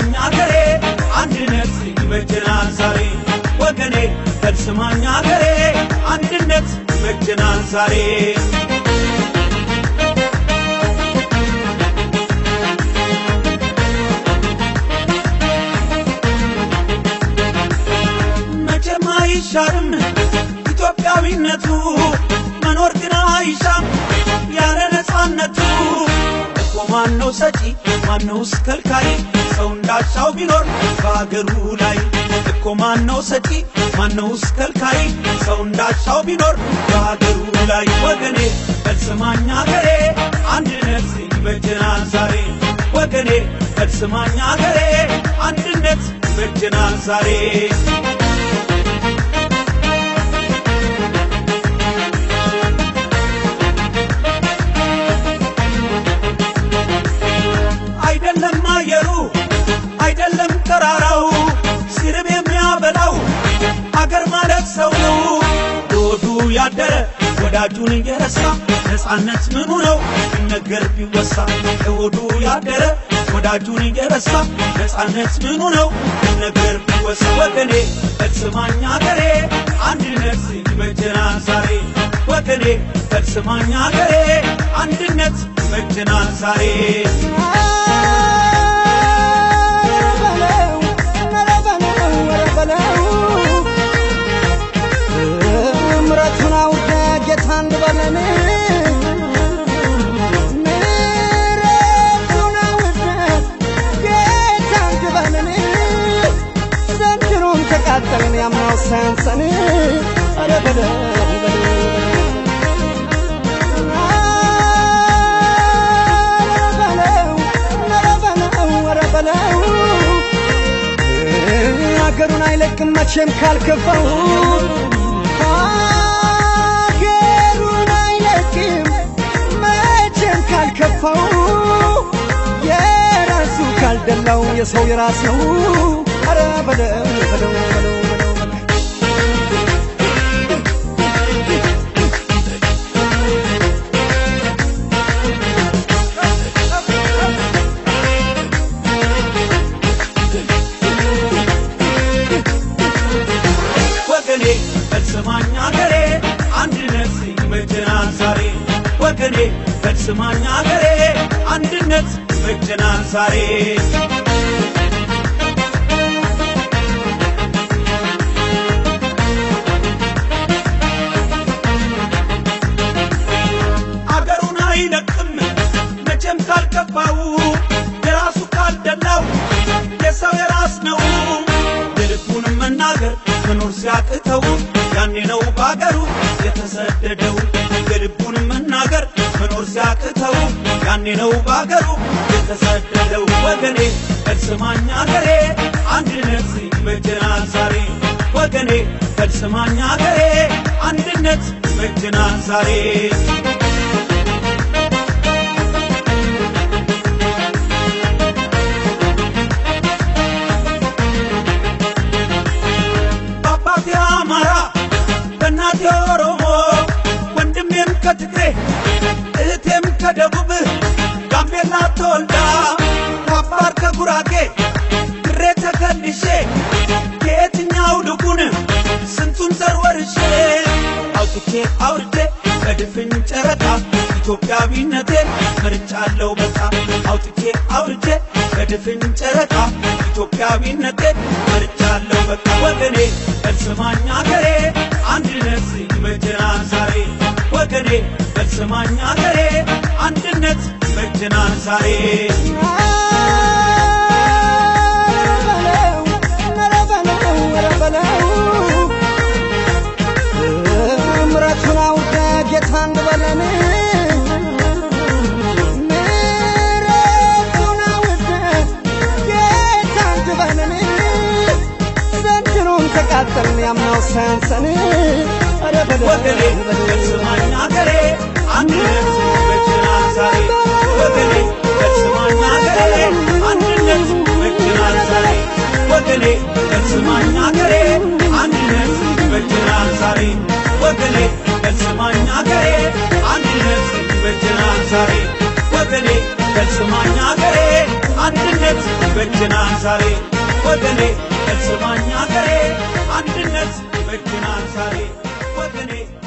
ተስማኛ አገሬ አንድነት ይበጀናል ዛሬ ወገኔ ተስማኛ አገሬ አንድነት ይበጀናል ዛሬ መቼም አይሻርም ኢትዮጵያዊነቱ መኖር ግን አይሻም ያለ ነፃነቱ ማነው ሰጪ ማነው ከልካይ? ሰው እንዳሻው ቢኖር በአገሩ ላይ እኮ ማነው ሰጪ ማነውስ ከልካይ? ሰው እንዳሻው ቢኖር በአገሩ ላይ ወገኔ በልስማኛ ገሬ አንድነት ይበጀናል ዛሬ ወገኔ በልስማኛ ገሬ አንድነት በጀና ዛሬ ተራራው ሲርብ የሚያበላው አገር ማለት ሰው ነው። ዶዱ ያደረ ወዳጁን እየረሳ ነፃነት ምኑ ነው ነገር ቢወሳ። ወዱ ያደረ ወዳጁን እየረሳ ነፃነት ምኑ ነው ነገር ቢወሳ። ወገኔ በስማኝ አገሬ አንድነት ይበጀና ዛሬ ወገኔ በስማኝ አገሬ አንድነት ይበጀና ዛሬ ሳያንሰን ኧረ በደንብ ሀገሩን አይለቅም መቼም ካልከፋው ሀገሩን አይለቅም መቼም ካልከፋው የራሱ ካልደላው የሰው የራስ ነው። ኧረ በለው በለው ፈጽማኝ አገሬ አንድነት በጀናን ዛሬ አገሩን አይለቅም መቼም ካልገባው የራሱ ካልደላው የሰው የራስ ነው የልቡን መናገር መኖር ሲያቅተው ያኔ ነው ባገሩ የተሰደደው ያኔ ነው ባገሩ የተሰደደው ወገኔ ከልስማኛ ገሬ አንድነት መጀናል ዛሬ ወገኔ ከልስማኛ ገሬ አንድነት መጀናል ዛሬ በአባቴ አማራ በእናቴ ኦሮሞ ወንድሜም ከትግሬ እህቴም ከደቡብ ጉራጌ ግሬ ተከልሼ ከየትኛው ልኩን ስንቱን ዘርወርሼ አውጥቼ አውርቼ በድፍን ጨረቃ ኢትዮጵያዊነቴን መርጫለሁ በቃ አውጥቼ አውርቼ በድፍን ጨረቃ ኢትዮጵያዊነቴን መርጫለሁ በቃ ወገኔ በልስማኝ አገሬ አንድነት ይመጀናል ዛሬ ወገኔ በልስማኝ አገሬ አንድነት ይመጀናል ዛሬ ወገኔ በትክል ስማኝ አገሬ አንድነት መችን አንሳሬ ወገኔ በትክል ስማኝ አንድነት መችን አንድነት መችን We're